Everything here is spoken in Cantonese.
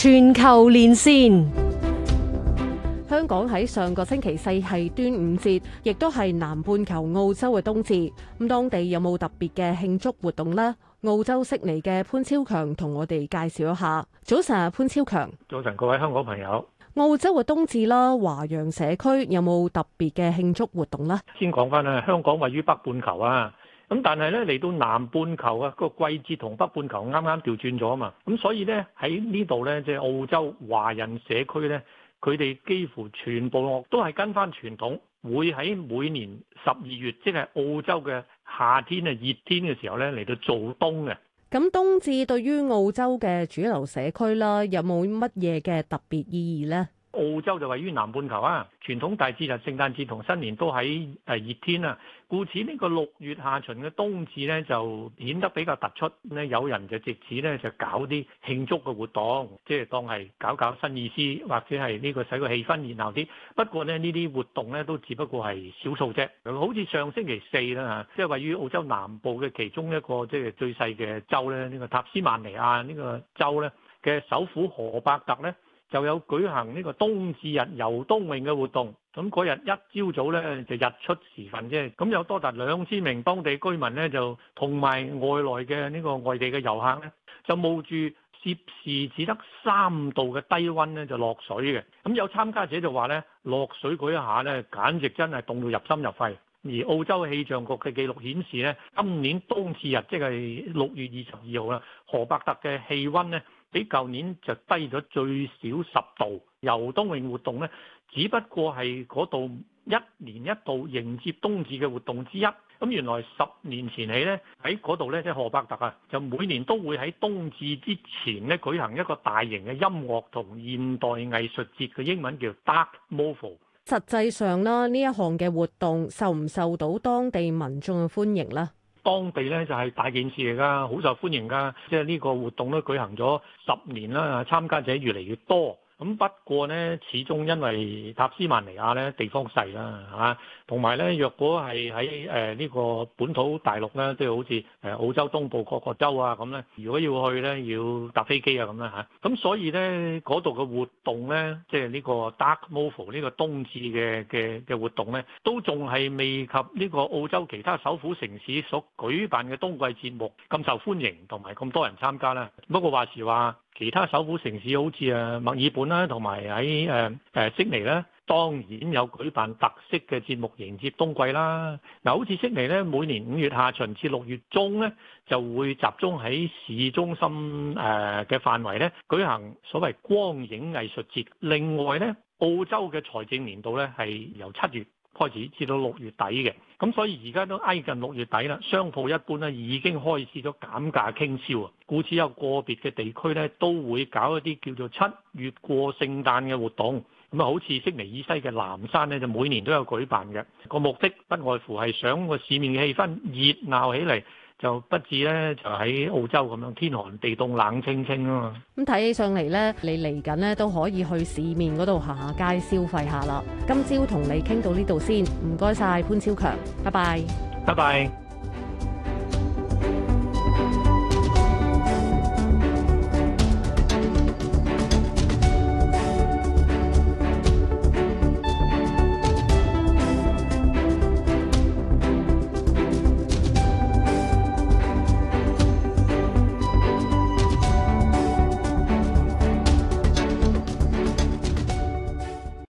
全球連線，香港喺上個星期四係端午節，亦都係南半球澳洲嘅冬至。咁當地有冇特別嘅慶祝活動呢？澳洲悉尼嘅潘昭強同我哋介紹一下。早晨，潘昭強。早晨，各位香港朋友。澳洲嘅冬至啦，華洋社區有冇特別嘅慶祝活動呢？先講翻啦，香港位於北半球啊。咁但係咧嚟到南半球啊，個季節同北半球啱啱調轉咗啊嘛，咁所以咧喺呢度咧，即係澳洲華人社區咧，佢哋幾乎全部都係跟翻傳統，會喺每年十二月，即係澳洲嘅夏天啊，熱天嘅時候咧嚟到做冬嘅。咁冬至對於澳洲嘅主流社區啦，有冇乜嘢嘅特別意義咧？澳洲就位於南半球啊，傳統大節日聖誕節同新年都喺誒熱天啊，故此呢個六月下旬嘅冬至咧就顯得比較突出咧，有人就藉此咧就搞啲慶祝嘅活動，即係當係搞搞新意思或者係呢個使個氣氛熱鬧啲。不過咧呢啲活動咧都只不過係少數啫，好似上星期四啦嚇，即係位於澳洲南部嘅其中一個即係最細嘅州咧，呢個塔斯曼尼亞呢個州咧嘅首府荷伯特咧。就有舉行呢個冬至日遊冬泳嘅活動，咁嗰日一朝早咧就日出時分啫，咁有多達兩千名當地居民咧就同埋外來嘅呢個外地嘅遊客咧，就冒住攝氏只得三度嘅低温咧就落水嘅，咁有參加者就話咧落水嗰一下咧，簡直真係凍到入心入肺，而澳洲氣象局嘅記錄顯示咧，今年冬至日即係六月二十二號啦，何伯特嘅氣温咧。比舊年就低咗最少十度，游冬泳活動咧，只不過係嗰度一年一度迎接冬至嘅活動之一。咁原來十年前起咧，喺嗰度咧，即係荷伯特啊，就每年都會喺冬至之前咧舉行一個大型嘅音樂同現代藝術節嘅英文叫 Dark Mofo。實際上啦，呢一項嘅活動受唔受到當地民眾嘅歡迎咧？當地咧就係大件事嚟㗎，好受歡迎㗎，即係呢個活動都舉行咗十年啦，參加者越嚟越多。咁不過咧，始終因為塔斯曼尼亞咧地方細啦，嚇、啊，同埋咧若果係喺誒呢個本土大陸咧，即係好似誒澳洲東部各個州啊咁咧，如果要去咧，要搭飛機啊咁啦嚇，咁、啊啊、所以咧嗰度嘅活動咧，即係呢個 Dark Mofo 呢個冬至嘅嘅嘅活動咧，都仲係未及呢個澳洲其他首府城市所舉辦嘅冬季節目咁受歡迎同埋咁多人參加啦。不過話時話。其他首府城市好似啊墨爾本啦，同埋喺誒誒悉尼咧，當然有舉辦特色嘅節目迎接冬季啦。嗱，好似悉尼咧，每年五月下旬至六月中咧，就會集中喺市中心誒嘅範圍咧舉行所謂光影藝術節。另外咧，澳洲嘅財政年度咧係由七月。開始至到六月底嘅，咁所以而家都挨近六月底啦。商鋪一般咧已經開始咗減價傾銷啊，故此有個別嘅地區咧都會搞一啲叫做七月過聖誕嘅活動，咁啊好似悉尼以西嘅藍山咧就每年都有舉辦嘅，個目的不外乎係想個市面嘅氣氛熱鬧起嚟。就不止咧，就喺澳洲咁樣天寒地凍冷清清啊嘛。咁睇起上嚟咧，你嚟緊咧都可以去市面嗰度行下街消費下啦。今朝同你傾到呢度先，唔該晒潘昭強，拜拜，拜拜。